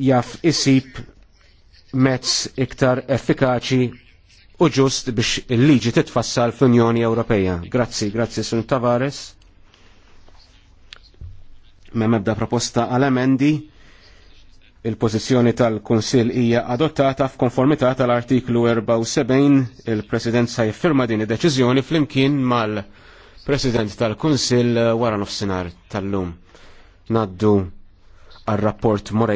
jaf isib mezz iktar effikaċi u ġust biex il-liġi titfassal fl-Unjoni Ewropeja. Grazzi, grazzi Sun Tavares. Ma mebda proposta għal-emendi il-pożizzjoni tal-Kunsill hija adottata f'konformità tal-artiklu 74 il-President sa jiffirma din id-deċiżjoni flimkien mal-President tal-Kunsill wara nofsinhar tal-lum. Naddu għal-rapport Morej